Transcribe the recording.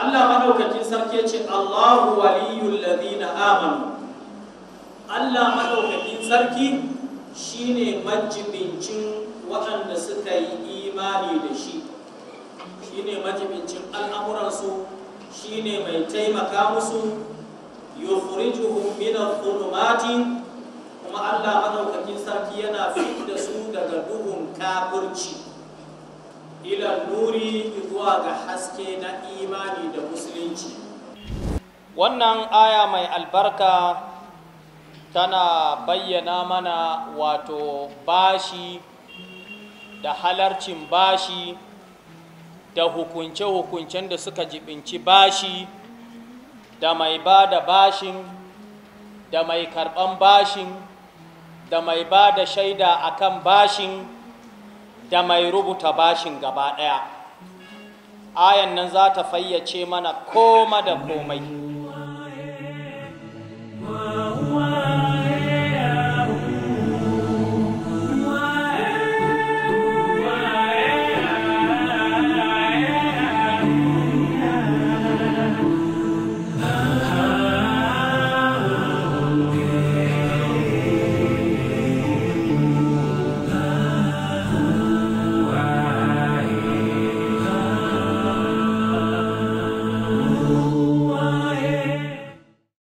Allah maɗaukakin sarki ya ce Allahu waliyul ladina amanu Allah maɗaukakin sarki shine majibincin waɗanda suka yi imani da shi shine majibincin al'amuransu shine mai taimaka musu yukhrijuhum min adh-dhulumati kuma Allah maɗaukakin sarki yana fitar da su daga duhun kafirci ila nuri zuwa ga haske na imani da musulunci wannan aya mai albarka tana bayyana mana wato bashi da halarcin bashi da hukunce-hukuncen da suka jibinci bashi da mai ba da bashin da mai karɓan bashin da mai ba da shaida akan bashin da mai rubuta bashin gaba ɗaya ayan nan za ta fayyace mana koma da komai